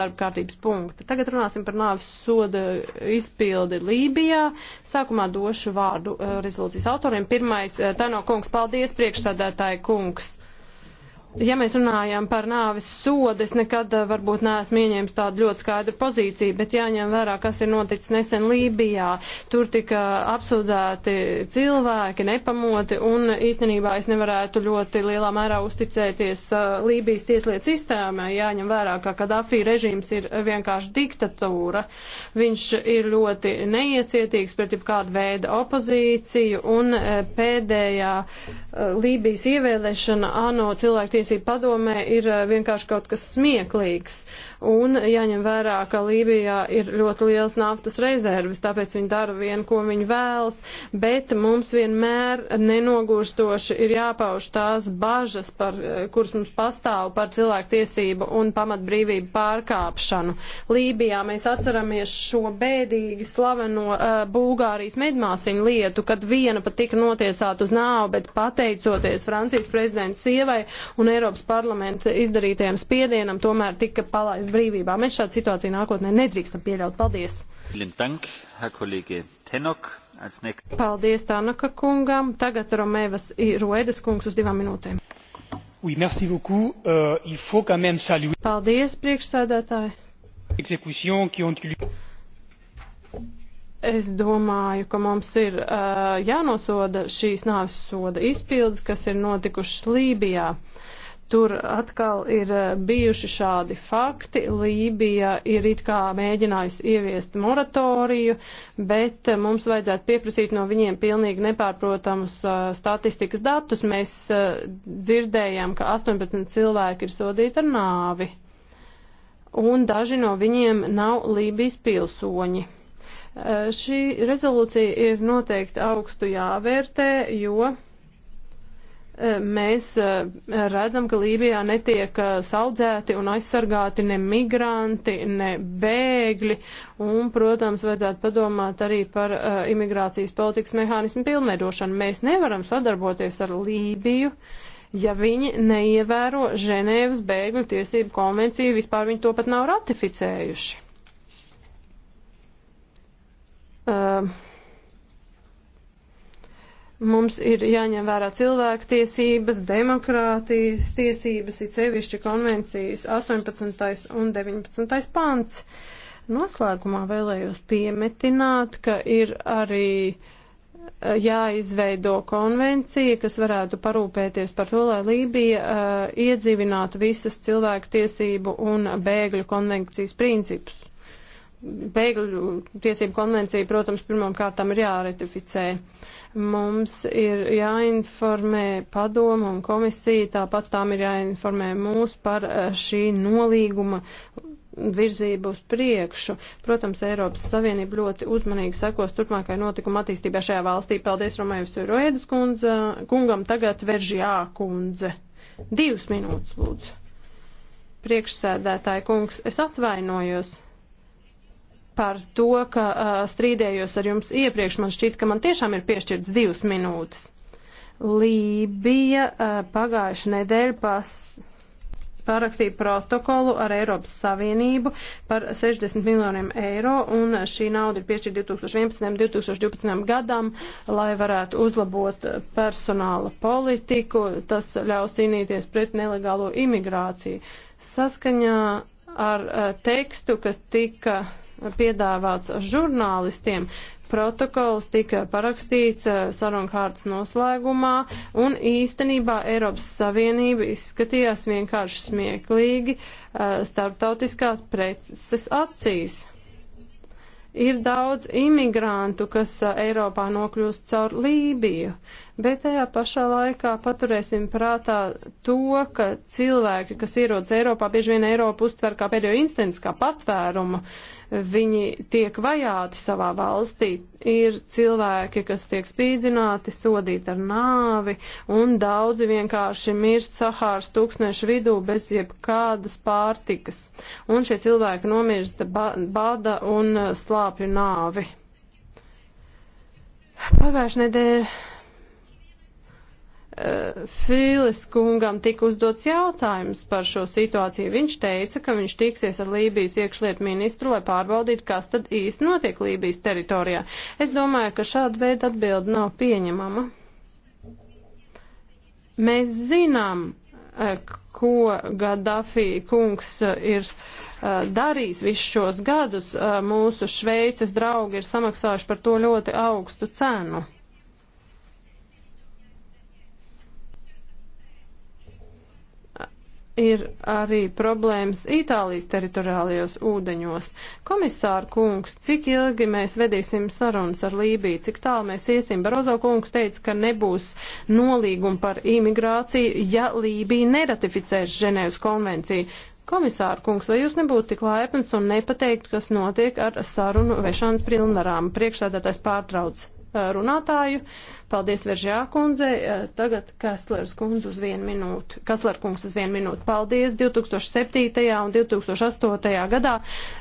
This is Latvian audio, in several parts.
darba kārtības punkta. Tagad runāsim par nāvis soda izpildi Lībijā. Sākumā došu vārdu eh, rezolūcijas autoriem. Pirmais, eh, Tano kungs, paldies, priekšsādātāji kungs ja mēs runājam par nāvis sodu, es nekad eh, varbūt neesmu ieņēmis tādu ļoti skaidru pozīciju, bet jāņem vērā, kas ir noticis nesen Lībijā. Tur tika apsūdzēti cilvēki nepamoti, un īstenībā es nevarētu ļoti lielā mērā uzticēties eh, Lībijas tieslietu sistēmai. Jāņem vērā, ka Kadafī režīms ir vienkārši diktatūra. Viņš ir ļoti neiecietīgs pret jebkādu veidu opozīciju, un eh, pēdējā Lībijas ievēlēšana ANO cilvēktiesību pozīcija padomē ir eh, vienkārši kaut kas smieklīgs. Un jāņem vērā, ka Lībijā ir ļoti liels naftas rezerves, tāpēc viņi dara vienu, ko viņi vēlas, bet mums vienmēr nenogurstoši ir jāpauž tās bažas, par, eh, kuras mums pastāv par cilvēktiesību un pamatbrīvību pārkāpšanu. Lībijā mēs atceramies šo bēdīgi slaveno uh, Bulgārijas medmāsiņu lietu, kad viena pat tika notiesāta uz nāvu, bet pateicoties Francijas prezidents sievai un Eiropas parlamenta izdarītajam spiedienam tomēr tika palaist brīvībā. Mēs šādu situāciju nākotnē nedrīkstam pieļaut. Paldies! Paldies Tanaka kungam. Tagad Romēvas Roedes kungs uz divām minūtēm. Oui, merci beaucoup. Uh, il faut quand même saluer. Paldies, priekšsēdētāji. Exécution qui ont eu lieu. Es domāju, ka mums ir uh, jānosoda šīs nāves soda izpildes, kas ir notikušas Lībijā. Uh, Tur atkal ir eh, bijuši šādi fakti. Lībija ir it kā mēģinājusi ieviest moratoriju, bet eh, mums vajadzētu pieprasīt no viņiem pilnīgi nepārprotamus eh, statistikas datus. Mēs dzirdējām, ka 18 cilvēki ir sodīti ar nāvi, un daži no viņiem nav Lībijas pilsoņi. Šī rezolūcija ir noteikti augstu jāvērtē, jo mēs eh, redzam, ka Lībijā netiek eh, saudzēti un aizsargāti ne migranti, ne bēgļi, un, protams, vajadzētu padomāt arī par eh, imigrācijas politikas mehānismu pilnveidošanu. Mēs nevaram sadarboties ar Lībiju, ja viņi neievēro Ženēvas bēgļu tiesību konvenciju, vispār viņi to pat nav ratificējuši. Uh, Mums ir jāņem vērā cilvēktiesības, demokrātijas tiesības, it sevišķi konvencijas 18. un 19. pants. Noslēgumā vēlējos piemetināt, ka ir arī eh, jāizveido konvencija, kas varētu parūpēties par to, lai Lībija uh, iedzīvinātu visus cilvēku tiesību un bēgļu konvencijas principus bēgļu tiesību konvencija, protams, pirmām kārtām ir jāretificē. Mums ir jāinformē padomu un komisija, tāpat tām ir jāinformē mūs par eh, šī nolīguma virzību uz priekšu. Protams, Eiropas Savienība ļoti uzmanīgi sekos turpmākai notikuma attīstībā šajā valstī. Paldies Romēvis Roēdas kungam, tagad Veržjā kundze. Divas minūtes, lūdzu. Priekšsēdētāji kungs, es atvainojos par to, ka uh, strīdējos ar jums iepriekš. Man šķiet, ka man tiešām ir piešķirts divas minūtes. Lībija uh, pagājuši nedēļa pas pārakstīja protokolu ar Eiropas Savienību par 60 miljoniem eiro, un šī nauda ir piešķirta 2011. un 2012. gadam, lai varētu uzlabot personāla politiku. Tas ļaus cīnīties pret nelegālo imigrāciju. Saskaņā ar uh, tekstu, kas tika uh, piedāvāts žurnālistiem. Protokols tika parakstīts eh, sarunkārtas noslēgumā, un īstenībā Eiropas Savienība izskatījās vienkārši smieklīgi eh, starptautiskās preces acīs. Ir daudz imigrantu, kas eh, Eiropā nokļūst caur Lībiju, bet tajā pašā laikā paturēsim prātā to, ka cilvēki, kas ierodas Eiropā, bieži vien Eiropu uztver kā pēdējo instants, kā patvērumu. Uh, viņi tiek vajāti savā valstī. Ir cilvēki, kas tiek spīdzināti, sodīti ar nāvi, un daudzi vienkārši mirst Sahāras tūkstnešu vidū bez jebkādas pārtikas. Un šie cilvēki nomirst ba bada un eh, slāpju nāvi. Pagājušajā nedēļā Eh, Fīles kungam tika uzdots jautājums par šo situāciju. Viņš teica, ka viņš tiksies ar Lībijas iekšlietu ministru, lai pārbaudītu, kas tad īsti notiek Lībijas teritorijā. Es domāju, ka šāda veida atbildi nav pieņemama. Mēs zinām, eh, ko Gaddafi kungs eh, ir darījis visus šos gadus. Mūsu Šveices draugi ir samaksājuši par to ļoti augstu cenu. ir arī problēmas Itālijas teritoriālajos ūdeņos. Komisāra kungs, cik ilgi mēs vedīsim sarunas ar Lībiju, cik tālu mēs iesim? Barozo kungs teica, ka nebūs nolīguma par imigrāciju, ja Lībija neratificēs Ženēvas konvenciju. Komisāra kungs, vai jūs nebūtu tik laipns un nepateikt, kas notiek ar sarunu vešanas pilnvarām? Priekšstādātais pārtrauc runātāju. Paldies, Veržjā kundze. Eh, tagad Kaslers kundze uz vienu minūtu. Kasler kungs uz vienu minūtu. Paldies. 2007. un 2008. gadā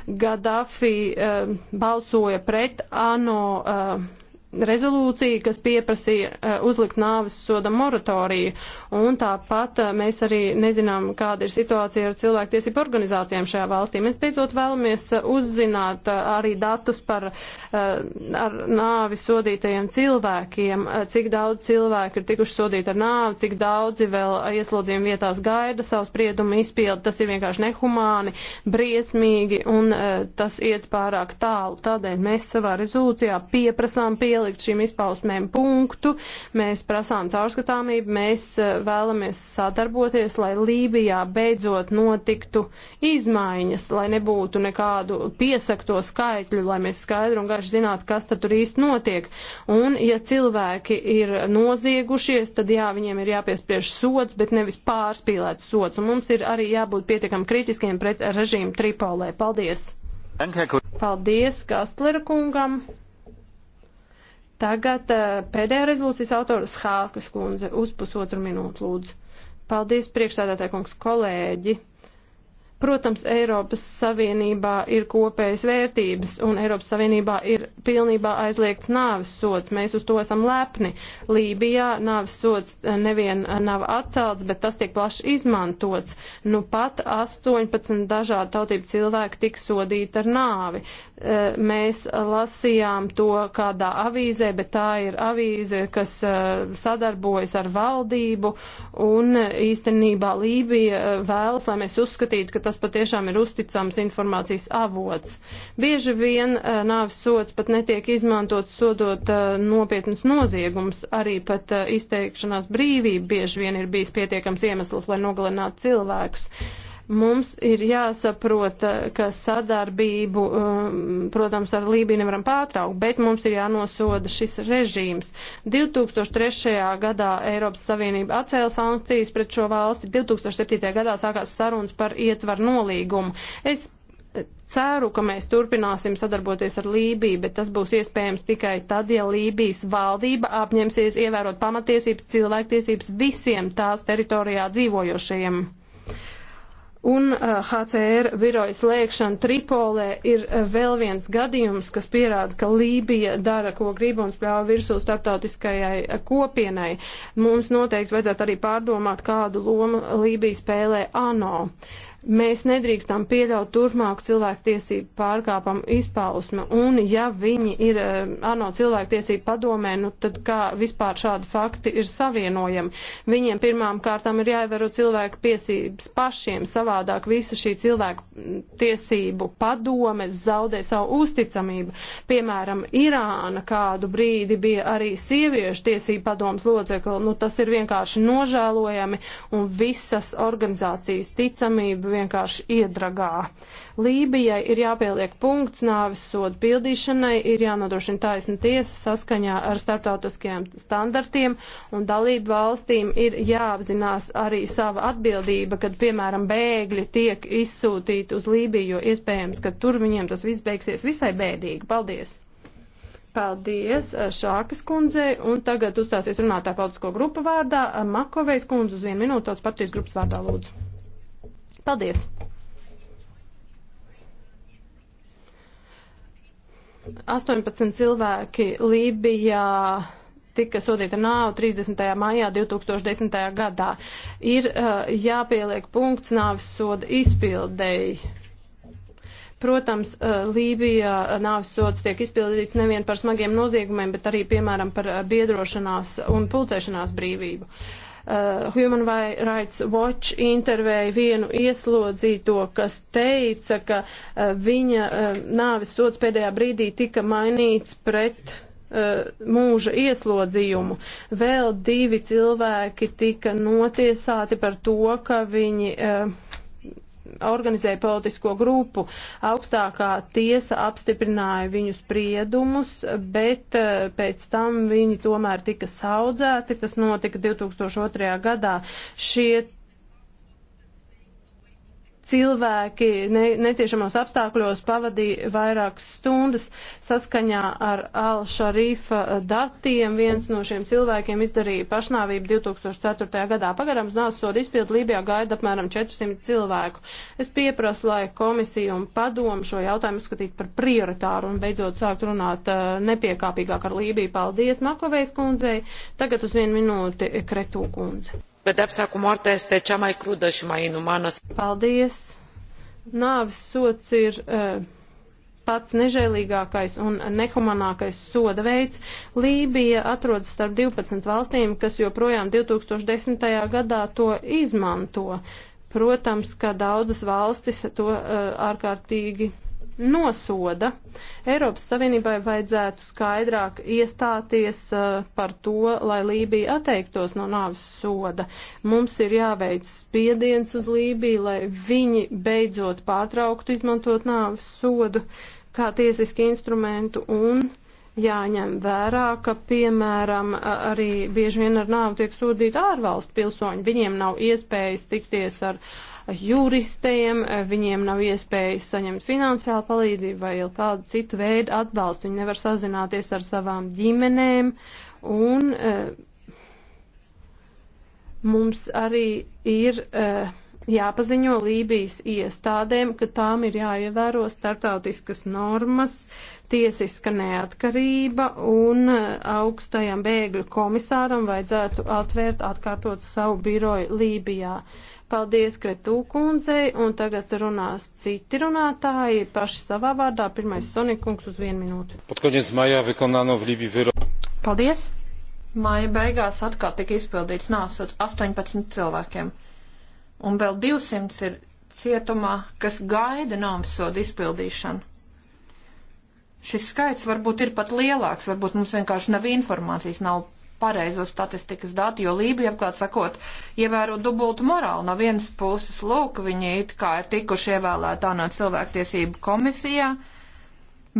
Gaddafi eh, balsoja pret ANO eh, rezolūcija, kas pieprasīja e, uzlikt nāves soda moratoriju, un tāpat e, mēs arī nezinām, kāda ir situācija ar cilvēktiesību organizācijām šajā valstī. Mēs beidzot vēlamies e, uzzināt arī datus par ar nāvi sodītajiem cilvēkiem, cik daudz cilvēku ir tikuši sodīti ar nāvi, cik daudzi vēl ieslodzījumi vietās gaida savu spriedumu izpildu. Tas ir vienkārši nehumāni, briesmīgi, un tas iet pārāk tālu. Tādēļ mēs savā rezolūcijā pieprasām pie pielikt šīm izpausmēm punktu, mēs prasām caurskatāmību, mēs eh, vēlamies sadarboties, lai Lībijā beidzot notiktu izmaiņas, lai nebūtu nekādu piesakto skaitļu, lai mēs skaidri un gaši zinātu, kas tad tur īsti notiek. Un, ja cilvēki ir noziegušies, tad jā, viņiem ir jāpiespriež sots, bet nevis pārspīlēts sots. Un mums ir arī jābūt pietiekam kritiskiem pret režīmu Tripolē. Paldies! Paldies Kastlera kungam! Tagad eh, pēdējā rezolūcijas autors Hākas kundze uz pusotru minūtu lūdzu. Paldies priekšstādātāji kungs kolēģi. Protams, Eiropas Savienībā ir kopējas vērtības un Eiropas Savienībā ir pilnībā aizliegts nāves sods. Mēs uz to esam lepni. Lībijā nāves sods eh, nevien eh, nav atcelts, bet tas tiek plaši izmantots. Nu pat 18 dažādu tautību cilvēku tika sodīti ar nāvi. Eh, mēs lasījām to kādā avīzē, bet tā ir avīze, kas sadarbojas ar valdību un īstenībā Lībija vēlas, lai mēs uzskatītu, ka tas tas patiešām ir uzticams informācijas avots. Bieži vien uh, nāves sots pat netiek izmantots sodot uh, eh, nopietnus noziegums, arī pat uh, izteikšanās brīvība bieži vien ir bijis pietiekams iemesls, lai nogalinātu cilvēkus. Uh, Mums ir jāsaprot, ka sadarbību, um, protams, ar Lībiju nevaram pārtraukt, bet mums ir jānosoda šis režīms. 2003. gadā Eiropas Savienība atcēla sankcijas pret šo valsti, 2007. gadā sākās sarunas par ietvaru nolīgumu. Es ceru, ka mēs turpināsim sadarboties ar Lībiju, bet tas būs iespējams tikai tad, ja Lībijas valdība apņemsies ievērot pamatiesības cilvēktiesības visiem tās teritorijā dzīvojošajiem. Un HCR uh, birojas lēkšana Tripolē ir uh, vēl viens gadījums, kas pierāda, ka Lībija dara, ko grib un spļāva virsū starptautiskajai uh, kopienai. Mums noteikti vajadzētu arī pārdomāt, kādu lomu Lībija spēlē ANO. Uh, Mēs nedrīkstam pieļaut turpmāku cilvēktiesību pārkāpumu izpausmu, un ja viņi ir eh, ANO cilvēktiesību padomē, nu tad kā vispār šādi fakti ir savienojami? Viņiem pirmām kārtām ir jāievēro cilvēku tiesības pašiem, savādāk visa šī cilvēku mm, tiesību padome zaudē savu uzticamību. Piemēram, Irāna kādu brīdi bija arī sieviešu tiesību padomas locekli, nu tas ir vienkārši nožēlojami, un visas organizācijas ticamība vienkārši iedragā. Lībijai ir jāpieliek punkts nāvis sodu pildīšanai, ir jānodrošina taisna tiesa saskaņā ar starptautiskajiem standartiem, un dalību valstīm ir jāapzinās arī sava atbildība, kad, piemēram, bēgļi tiek izsūtīti uz Lībiju, jo iespējams, ka tur viņiem tas viss beigsies visai bēdīgi. Paldies! Paldies eh, Šākas kundzei, un tagad uzstāsies runātā politisko grupu vārdā eh, Makovejs kundze uz vienu minūtu, tautas partijas grupas vārdā lūdzu. Paldies! Astoņpadsmit cilvēki Lībijā tika sodīta nāvu 30. maijā 2010. gadā. Ir uh, jāpieliek punkts nāves soda izpildēji. Protams, uh, Lībijā uh, nāves sods tiek izpildīts nevien par smagiem noziegumiem, bet arī, piemēram, par uh, biedrošanās un pulcēšanās brīvību. Uh, Uh, Human Rights Watch intervēja vienu ieslodzīto, kas teica, ka uh, viņa uh, nāves sots pēdējā brīdī tika mainīts pret uh, mūža ieslodzījumu. Vēl divi cilvēki tika notiesāti par to, ka viņi uh, organizēja politisko grupu. Augstākā tiesa apstiprināja viņu spriedumus, bet eh, pēc tam viņi tomēr tika saudzēti. Tas notika 2002. gadā. Šie cilvēki ne, neciešamos apstākļos pavadīja vairākas stundas saskaņā ar Al-Sharifa datiem. Viens no šiem cilvēkiem izdarīja pašnāvību 2004. gadā. Pagaram uz nāves sodu izpildu Lībijā gaida apmēram 400 cilvēku. Es pieprasu, lai komisija un padomu šo jautājumu uzskatītu par prioritāru un beidzot sākt runāt uh, nepiekāpīgāk ar Lībiju. Paldies Makovejs kundzei. Tagad uz vienu minūti Kretū kundze. Pedepsa cu moartea este cea mai crudă și mai inumană. Paldies! Nāves sots ir uh, pats nežēlīgākais un nehumanākais soda veids. Lībija atrodas starp 12 valstīm, kas joprojām 2010. gadā to izmanto. Protams, ka daudzas valstis to uh, ārkārtīgi nosoda. Eiropas Savienībai vajadzētu skaidrāk iestāties uh, par to, lai Lībija atteiktos no nāves soda. Mums ir jāveic spiediens uz Lībiju, lai viņi beidzot pārtrauktu izmantot nāves sodu kā tiesisku instrumentu un jāņem vērā, ka, piemēram, arī bieži vien ar nāvu tiek sodīti ārvalstu pilsoņi. Viņiem nav iespējas tikties ar juristiem, viņiem nav iespējas saņemt finansiālu palīdzību vai kādu citu veidu atbalstu. Viņi nevar sazināties ar savām ģimenēm un mums arī ir. Uh, jāpaziņo Lībijas iestādēm, ka tām ir jāievēro startautiskas normas, tiesiska neatkarība un augstajam bēgļu komisāram vajadzētu atvērt atkārtot savu biroju Lībijā. Paldies Kretū kundzei, un tagad runās citi runātāji paši savā vārdā. Pirmais Sonikungs uz vienu minūti. Pat koniec maijā vykonāno v Lībiju viro. Paldies! Māja beigās atkal tika izpildīts nāsots 18 cilvēkiem un vēl 200 ir cietumā, kas gaida nāmsodu izpildīšanu. Šis skaits varbūt ir pat lielāks, varbūt mums vienkārši nav informācijas, nav pareizo statistikas datu, jo Lībija, atklāt sakot, ievēro dubultu morālu. No vienas puses, lūk, viņi it kā ir tikuši ievēlēti ANO cilvēktiesību komisijā,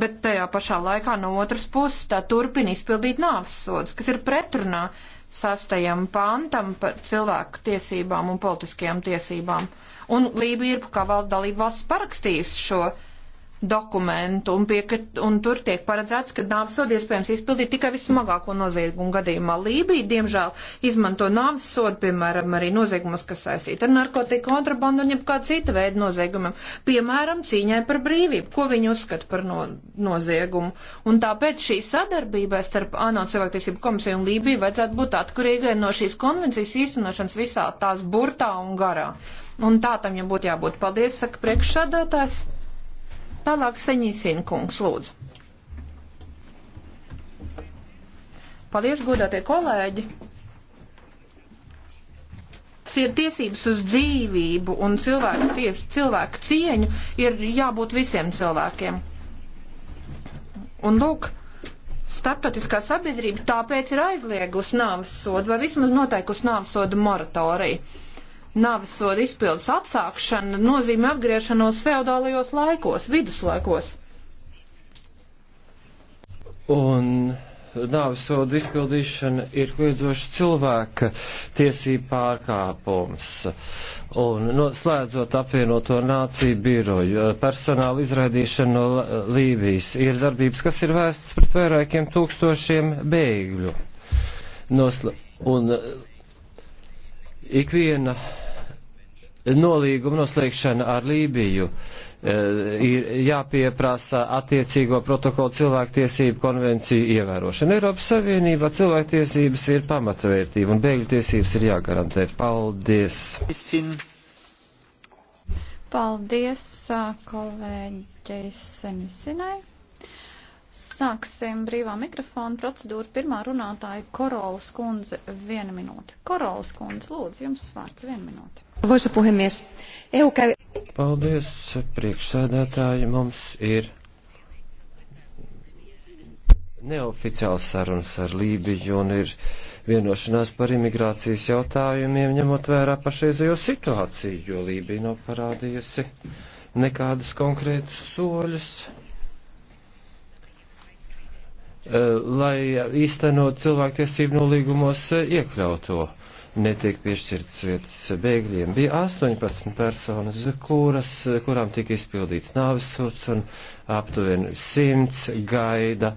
bet tajā pašā laikā no otras puses tā turpina izpildīt nāves sods, kas ir pretrunā sastajam pantam par cilvēku tiesībām un politiskajām tiesībām. Un Lībija ir kā valsts dalība valsts parakstījusi šo uh, dokumentu, un, pie, un tur tiek paredzēts, ka nāves sodu iespējams izpildīt tikai vismagāko noziegumu gadījumā. Lībija, diemžēl, izmanto nāves sodu, piemēram, arī noziegumus, kas saistīti ar narkotiku kontrabandu un jebkāda cita veida noziegumiem, piemēram, cīņai par brīvību, ko viņi uzskata par no, noziegumu. Un tāpēc šī sadarbība starp ANO cilvēktiesību komisiju un Lībiju vajadzētu būt atkarīgai no šīs konvencijas īstenošanas visā tās burtā un garā. Un tā tam jau būtu jābūt. Paldies, saka priekšsādātājs. Tālāk saņīsim, kungs, lūdzu. Paldies, godātie kolēģi! tiesības uz dzīvību un cilvēku, ties, cilvēku cieņu ir jābūt visiem cilvēkiem. Un lūk, starptautiskā sabiedrība tāpēc ir aizliegusi nāves sodu vai vismaz noteikusi nāves sodu moratoriju navas soda izpildes atsākšana nozīmē atgriešanos feodālajos laikos, viduslaikos. Un nāves soda izpildīšana ir kliedzoša cilvēka tiesība pārkāpums. Un noslēdzot apvienoto nāciju biroju, personāla izraidīšana no Lībijas ir darbības, kas ir vēstas pret vairākiem tūkstošiem bēgļu. Nosla un eh, ikviena nolīguma noslēgšana ar Lībiju e, ir jāpieprasa attiecīgo protokolu cilvēktiesību konvenciju ievērošana. Eiropas Savienībā cilvēktiesības ir pamatvērtība un bēgļu tiesības ir jāgarantē. Paldies! Paldies kolēģei Senisinai. Sāksim brīvā mikrofona procedūru. Pirmā runātāja Korolas kundze viena minūte. Korolas kundze, lūdzu, jums vārds viena minūte. Arvoisa puhemies, EU käy... Paldies, priekšsēdētāji, mums ir neoficiāls sarunas ar Lībiju un ir vienošanās par imigrācijas jautājumiem, ņemot vērā pašreizējo situāciju, jo Lībija nav parādījusi nekādas konkrētas soļus, eh, lai īstenot cilvēktiesību nolīgumos eh, iekļauto netiek piešķirtas vietas bēgļiem. Bija 18 personas, kuras, kurām tika izpildīts nāvisots un aptuveni 100 gaida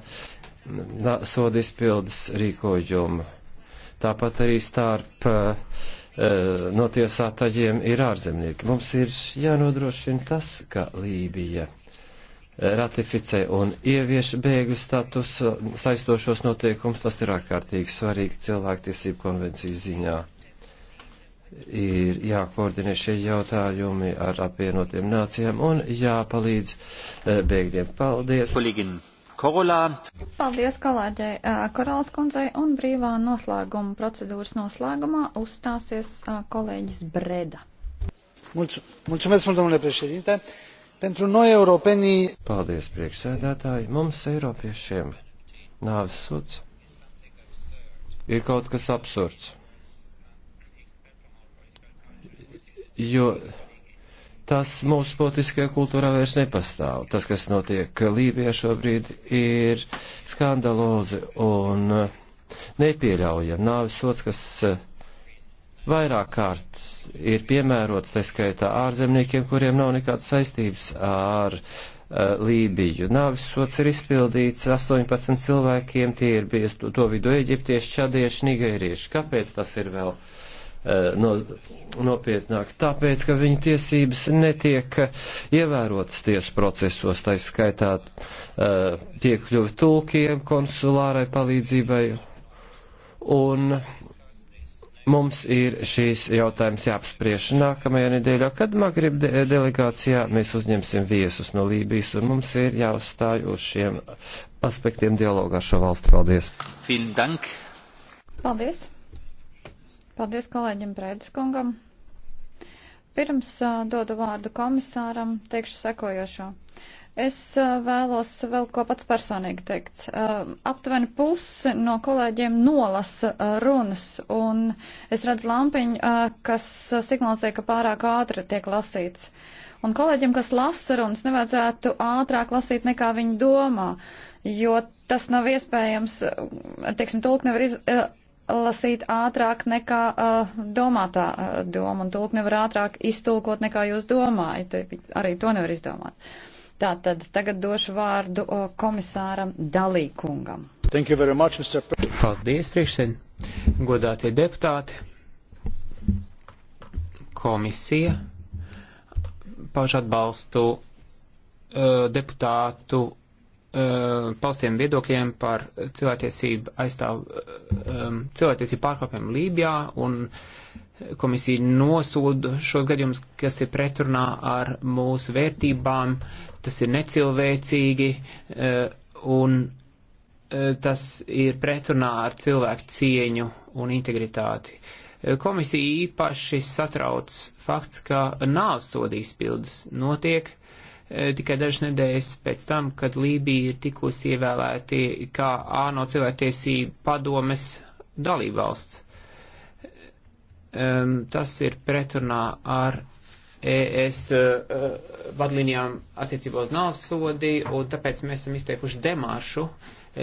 soda izpildes rīkojumu. Tāpat arī starp uh, notiesātajiem ir ārzemnieki. Mums ir jānodrošina tas, ka Lībija ratificē un ievieš bēgļu status saistošos noteikums, tas ir ārkārtīgi svarīgi cilvēktiesību konvencijas ziņā. Ir jākoordinē šie jautājumi ar apvienotiem nācijām un jāpalīdz eh, bēgļiem. Paldies! Kolīgin. Korolā. Paldies kolēģei eh, Korolas kundzei un brīvā noslēguma procedūras noslēgumā uzstāsies eh, kolēģis Breda. Mulțumesc mult, domnule președinte. Pentru noi europenii. Paldies, priekšsēdētāji. Mums, eiropiešiem, nāves suds ir kaut kas absurds. Jo tas mūsu politiskajā kultūrā vairs nepastāv. Tas, kas notiek Lībijā šobrīd, ir skandalozi un nepieļaujami. Nāves sots, kas vairāk kārts ir piemērots, tā skaitā ārzemniekiem, kuriem nav nekādas saistības ar uh, Lībiju. Nāvis sots ir izpildīts 18 cilvēkiem, tie ir bijis to, to vidu eģiptieši, čadieši, nigērieši. Kāpēc tas ir vēl uh, no, nopietnāk? Tāpēc, ka viņu tiesības netiek eh, ievērotas tiesu procesos, tā skaitā uh, piekļuvi tulkiem, konsulārai palīdzībai. Un Mums ir šīs jautājums jāapspriež nākamajā nedēļā, kad Magrib de delegācijā mēs uzņemsim viesus no Lībijas, un mums ir jāuzstāj uz šiem aspektiem dialogā šo valstu. Paldies! Paldies! Paldies kolēģim Brēdiskungam! Pirms uh, dodu vārdu komisāram, teikšu sekojošo. Es vēlos vēl ko pats personīgi teikt. Aptuveni pusi no kolēģiem nolasa runas, un es redzu lampiņu, kas signalizē, ka pārāk ātri tiek lasīts. Un kolēģiem, kas lasa runas, nevajadzētu ātrāk lasīt nekā viņi domā, jo tas nav iespējams, teiksim, tulk nevar iz, lasīt ātrāk nekā uh, domātā uh, doma, un tulk nevar ātrāk iztulkot nekā jūs domājat, arī to nevar izdomāt. Uh, Tātad tagad došu vārdu komisāram Dalīkungam. Much, Mr. Paldies, priekšsēd. Godātie deputāti, komisija pauž atbalstu uh, deputātu uh, paustiem viedokļiem par cilvēktiesību aizstāv uh, um, cilvēktiesību pārkāpumiem Lībijā un uh, Komisija nosūda šos gadījumus, kas ir pretrunā ar mūsu vērtībām, tas ir necilvēcīgi e, un e, tas ir pretrunā ar cilvēku cieņu un integritāti. E, komisija īpaši satrauc fakts, ka nāves sodīs pildes notiek tikai dažas nedēļas pēc tam, kad Lībija ir tikusi ievēlēti kā ANO cilvēktiesība padomes dalībvalsts um, tas ir pretrunā ar ES uh, eh, vadlīnijām attiecībā uz naudas sodi, un tāpēc mēs esam izteikuši demāršu eh,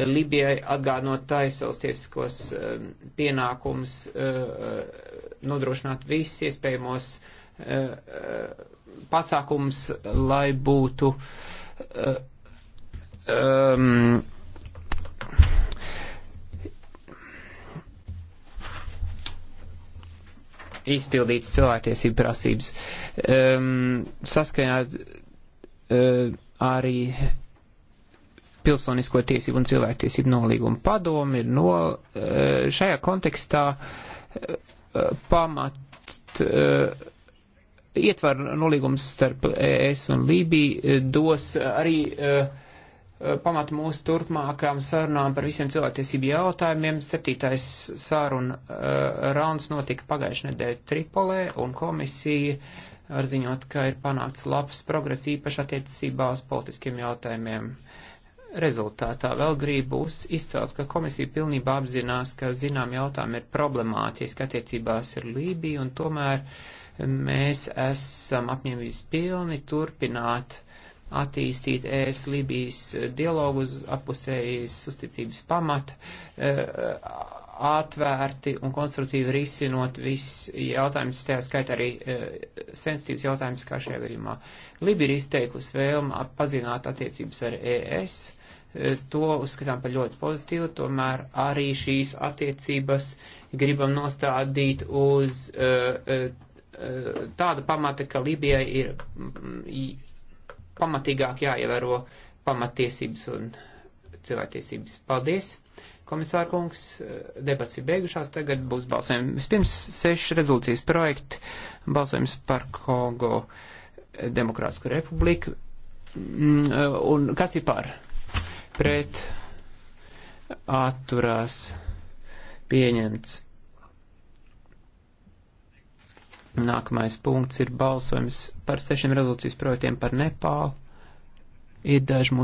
Libijai atgādinot taisels tiesiskos uh, pienākums uh, eh, nodrošināt visus iespējamos uh, pasākums, lai būtu um, izpildītas cilvēktiesību prasības. Um, saskaņā uh, arī pilsonisko tiesību un cilvēktiesību nolīguma padomi ir no uh, šajā kontekstā uh, pamat uh, ietvar nolīgums starp ES un Lībiju dos arī uh, Eh, pamatu mūsu turpmākām sarunām par visiem cilvēktiesību jautājumiem. Septītais saruna uh, eh, rauns notika pagājušajā nedēļā Tripolē, un komisija var ziņot, ka ir panākts labs progress īpaši attiecībā uz politiskiem jautājumiem. Rezultātā vēl gribūs izcelt, ka komisija pilnībā apzinās, ka zinām jautājumi ir problemātiski attiecībās ar Lībiju, un tomēr eh, mēs esam apņēmības pilni turpināt uh, attīstīt ES Libijas eh, dialogu uz apusējas uzticības pamata, eh, atvērti un konstruktīvi risinot viss jautājums, tajā skaitā arī eh, sensitīvs jautājums, kā šajā virījumā. Libija ir izteikusi vēlmu pazināt attiecības ar ES, to uzskatām par ļoti pozitīvu, tomēr arī šīs attiecības gribam nostādīt uz uh, uh, tādu pamata, ka Libijai ir mm, pamatīgāk jāievēro pamatiesības un cilvēktiesības. Paldies! Komisāra kungs, debats ir beigušās, tagad būs balsojums. Vispirms seši rezolūcijas projekti, balsojums par Kongo Demokrātisku republiku. Mm, un kas ir par? Pret atturās pieņemts. Nākamais punkts ir balsojums par sešiem rezolūcijas projektiem par Nepālu. Ir daži